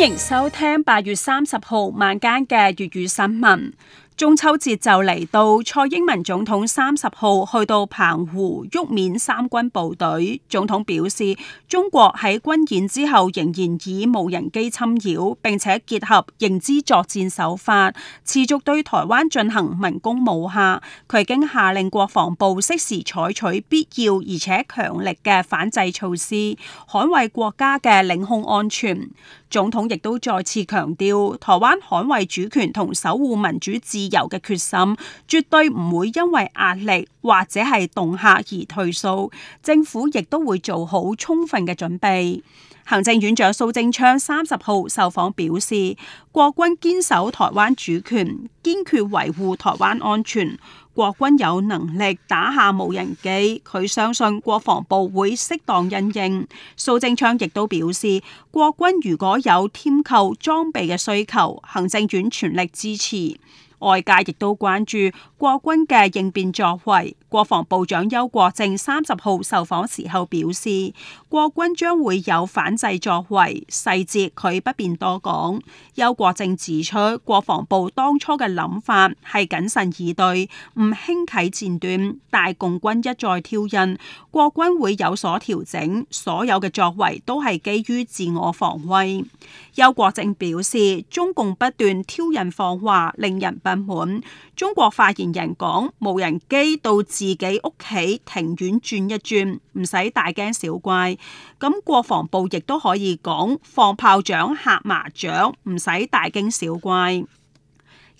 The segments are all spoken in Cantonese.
歡迎收聽八月三十號晚間嘅粵語新聞。中秋節就嚟到，蔡英文總統三十號去到澎湖慰勉三軍部隊。總統表示，中國喺軍演之後仍然以無人機侵擾，並且結合認知作戰手法，持續對台灣進行文攻武嚇。佢已經下令國防部適時採取必要而且強力嘅反制措施，捍衛國家嘅領空安全。總統亦都再次強調，台灣捍衛主權同守護民主自有嘅決心，絕對唔會因為壓力或者係凍客而退縮。政府亦都會做好充分嘅準備。行政院長蘇貞昌三十號受訪表示，國軍堅守台灣主權，堅決維護台灣安全。國軍有能力打下無人機，佢相信國防部會適當因應。蘇貞昌亦都表示，國軍如果有添購裝備嘅需求，行政院全力支持。外界亦都關注國軍嘅應變作為，國防部長邱國正三十號受訪時候表示，國軍將會有反制作為，細節佢不便多講。邱國正指出，國防部當初嘅諗法係謹慎以對，唔輕啟戰端。大共軍一再挑釁，國軍會有所調整，所有嘅作為都係基於自我防衛。邱國正表示，中共不斷挑釁放話，令人。不中國發言人講：無人機到自己屋企庭院轉一轉，唔使大驚小怪。咁國防部亦都可以講放炮仗嚇麻雀，唔使大驚小怪。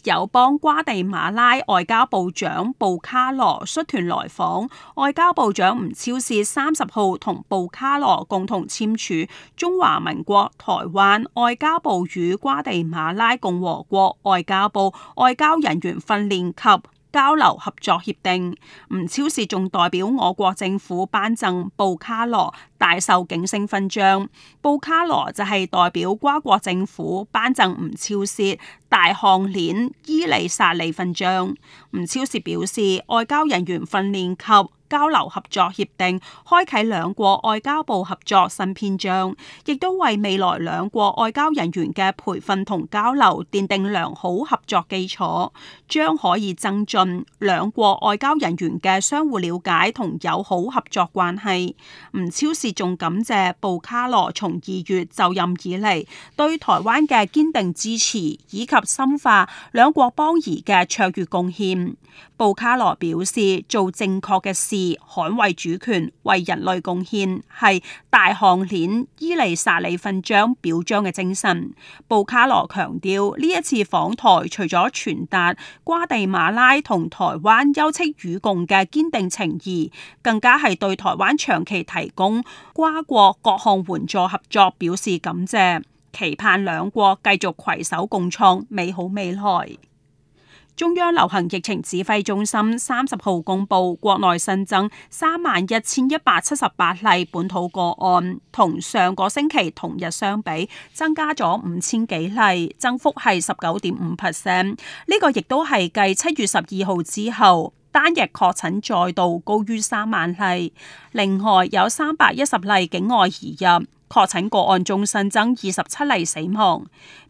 友邦瓜地馬拉外交部長布卡羅率團來訪，外交部長吳釗燮三十號同布卡羅共同簽署中華民國台灣外交部與瓜地馬拉共和國外交部外交人員訓練及交流合作協定，吳超市仲代表我國政府頒贈布卡羅大受景星勳章，布卡羅就係代表瓜國政府頒贈吳超市大項鏈伊麗薩利勳章。吳超市表示，外交人員訓練及交流合作協定，開啟兩國外交部合作新篇章，亦都為未來兩國外交人員嘅培訓同交流奠定良好合作基礎，將可以增進兩國外交人員嘅相互了解同友好合作關係，吳釗燮仲感謝布卡羅從二月就任以嚟對台灣嘅堅定支持，以及深化兩國邦誼嘅卓越貢獻。布卡羅表示做正確嘅事。而捍衛主權，為人類貢獻，係大項鏈伊麗莎里勳章表彰嘅精神。布卡羅強調，呢一次訪台，除咗傳達瓜地馬拉同台灣休戚與共嘅堅定情誼，更加係對台灣長期提供瓜國各項援助合作表示感謝，期盼兩國繼續攜手共創美好未來。中央流行疫情指揮中心三十號公布，國內新增三萬一千一百七十八例本土個案，同上個星期同日相比，增加咗五千幾例，增幅係十九點五 percent。呢個亦都係繼七月十二號之後單日確診再度高於三萬例。另外有三百一十例境外移入確診個案，仲新增二十七例死亡。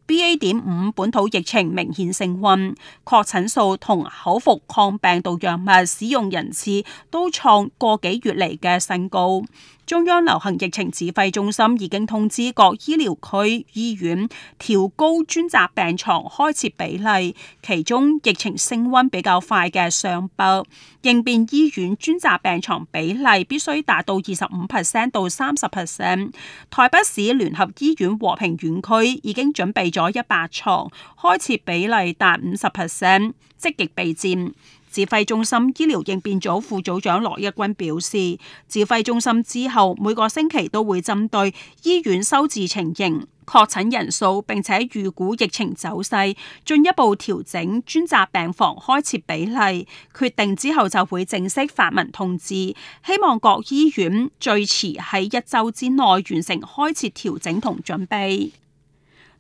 B.A. 點五本土疫情明顯升温，確診數同口服抗病毒藥物使用人次都創過幾月嚟嘅新高。中央流行疫情指揮中心已經通知各醫療區醫院調高專責病床開設比例，其中疫情升温比較快嘅雙北應變醫院專責病床比例必須達到二十五 percent 到三十 percent。台北市聯合醫院和平院區已經準備。咗一百床，開設比例達五十 percent，積極備戰。指揮中心醫療應變組副組長羅一軍表示，指揮中心之後每個星期都會針對醫院收治情形、確診人數，並且預估疫情走勢，進一步調整專責病房開設比例。決定之後就會正式發文通知，希望各醫院最遲喺一周之內完成開設調整同準備。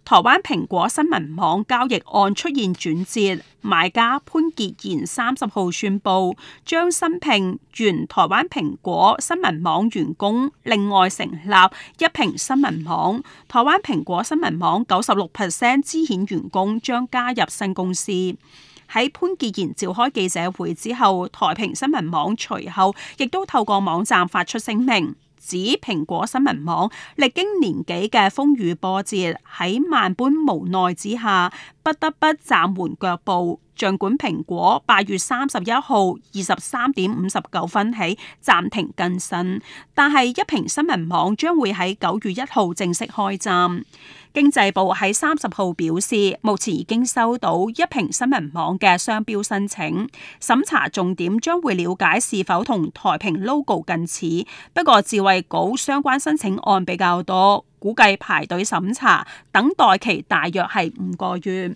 台灣蘋果新聞網交易案出現轉折，買家潘杰賢三十號宣佈將新聘原台灣蘋果新聞網員工，另外成立壹蘋新聞網。台灣蘋果新聞網九十六 percent 資遣員工將加入新公司。喺潘杰賢召開記者會之後，台蘋新聞網隨後亦都透過網站發出聲明。指蘋果新聞網歷經年幾嘅風雨波折，喺萬般無奈之下，不得不暫緩腳步。儘管蘋果八月三十一號二十三點五十九分起暫停更新，但係壹蘋新聞網將會喺九月一號正式開站。經濟部喺三十號表示，目前已經收到壹蘋新聞網嘅商標申請，審查重點將會了解是否同台蘋 logo 近似。不過，智慧局相關申請案比較多，估計排隊審查等待期大約係五個月。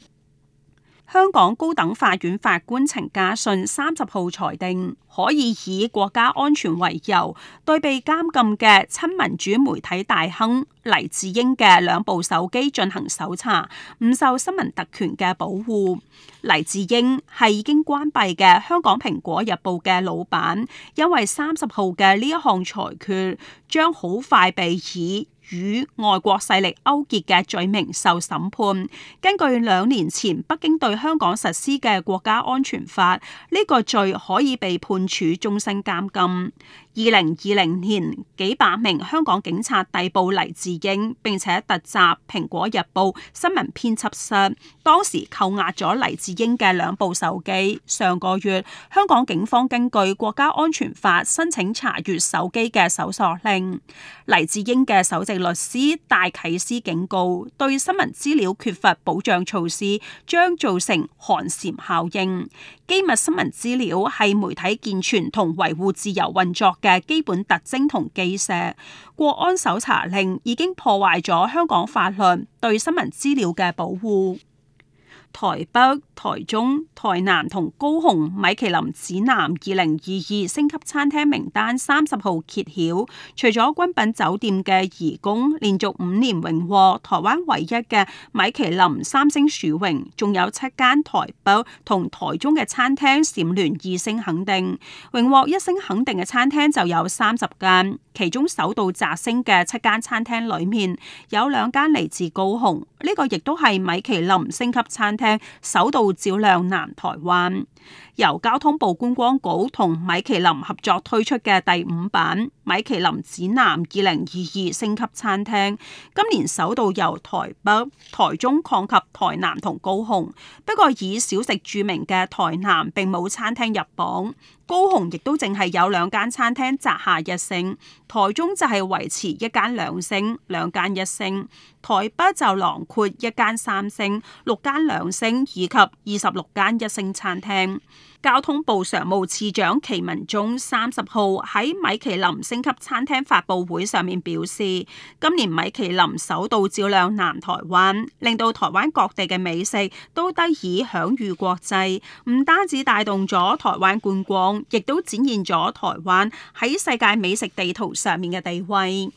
香港高等法院法官程家信三十號裁定，可以以國家安全為由，對被監禁嘅親民主媒體大亨黎智英嘅兩部手機進行搜查，唔受新聞特權嘅保護。黎智英係已經關閉嘅香港蘋果日報嘅老闆，因為三十號嘅呢一項裁決，將好快被移。與外國勢力勾結嘅罪名受審判。根據兩年前北京對香港實施嘅國家安全法，呢個罪可以被判處終身監禁。二零二零年，幾百名香港警察逮捕黎智英，並且突襲《蘋果日報》新聞編輯室，當時扣押咗黎智英嘅兩部手機。上個月，香港警方根據國家安全法申請查閱手機嘅搜索令，黎智英嘅手機。律師戴啟思警告：對新聞資料缺乏保障措施，將造成寒蟬效應。機密新聞資料係媒體健全同維護自由運作嘅基本特徵同基石。國安搜查令已經破壞咗香港法律對新聞資料嘅保護。台北、台中、台南同高雄米其林指南二零二二星級餐廳名單三十號揭曉，除咗君品酒店嘅頤宮連續五年榮獲台灣唯一嘅米其林三星殊榮，仲有七間台北同台中嘅餐廳閃聯二星肯定，榮獲一星肯定嘅餐廳就有三十間，其中首度摘星嘅七間餐廳裏面有兩間嚟自高雄，呢、這個亦都係米其林星級餐廳首度。照亮南台灣。由交通部觀光局同米其林合作推出嘅第五版《米其林指南二零二二星級餐廳》，今年首度由台北、台中擴及台南同高雄。不過以小食著名嘅台南並冇餐廳入榜，高雄亦都淨係有兩間餐廳摘下一星，台中就係維持一間兩星、兩間一星，台北就囊括一間三星、六間兩星以及二十六間一星餐廳。交通部常務次長祁文忠三十號喺米其林星級餐廳發佈會上面表示，今年米其林首度照亮南台灣，令到台灣各地嘅美食都得以享譽國際，唔單止帶動咗台灣觀光，亦都展現咗台灣喺世界美食地圖上面嘅地位。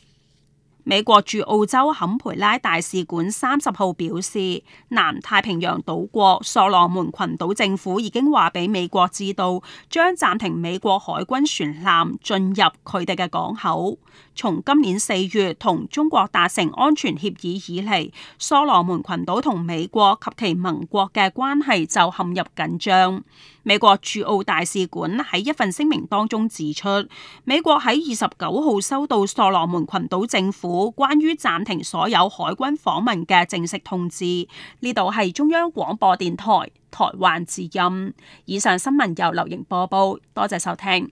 美國駐澳洲坎培拉大使館三十號表示，南太平洋島國索羅門群島政府已經話俾美國知道，將暫停美國海軍船艦進入佢哋嘅港口。從今年四月同中國達成安全協議以嚟，所羅門群島同美國及其盟國嘅關係就陷入緊張。美國駐澳大使館喺一份聲明當中指出，美國喺二十九號收到所羅門群島政府關於暫停所有海軍訪問嘅正式通知。呢度係中央廣播電台台灣之音，以上新聞由劉瑩播報，多謝收聽。